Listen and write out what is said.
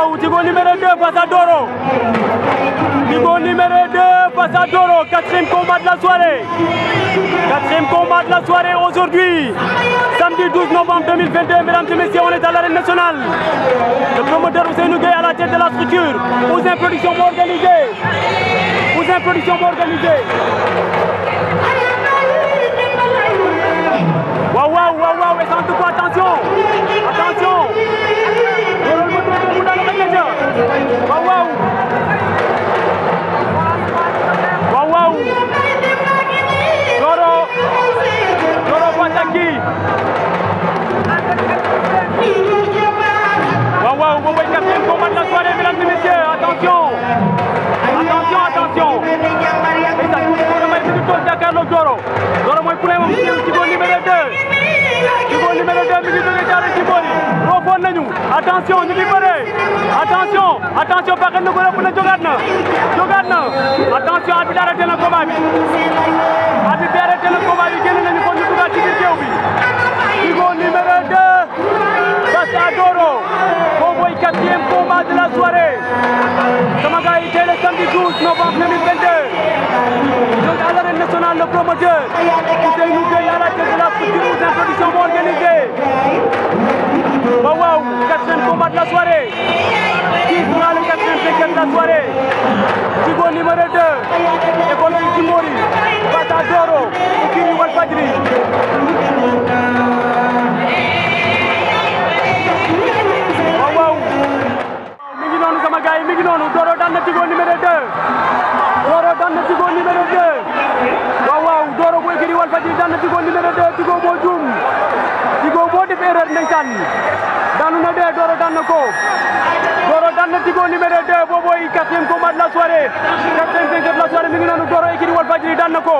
numéro 2 face Doro. numéro 2 face Quatrième combat de la soirée. Quatrième combat de la soirée aujourd'hui. Samedi 12 novembre 2022, mesdames et messieurs, on est à l'arène nationale. Le promoteur nous Nougué à la tête de la structure. une Production organisée. Vous une Production jàkkaarloo Joro Joro mooy problème am jël ci góor numéro 2 ci góor numéro 2 mi ngi jóge jaare ci boor yi roofoon nañu attention ñu ngi bëree attention attention bàqan na ko rëpp na jógaat na jógaat na attention abi bi arrêté na combat bi abi bi arrêté na combat bi génn nañu kon ñu dugaat ci biir géew bi ci góor numéro 2 face à Joro boobu mooy quatrième combat de la soirée promoteur Ousseynou Gueye à la tête de la structure Ouzin Production moo la soirée kii sera le quatrième cinquième de la soirée Bata Doro Kiri Walfadjri waaw waaw mi ngi noonu sama mi ngi noonu Doro daan na Tigo na Digo numéro 2 Digo moo juum Digo moo def erreur na dee Doro daan na ko Doro daan na Digo numéro 2 boobooy quatrième combat de la soirée quatrième cinquième mi ngi noonu Doro écrit Walfadjri daan na ko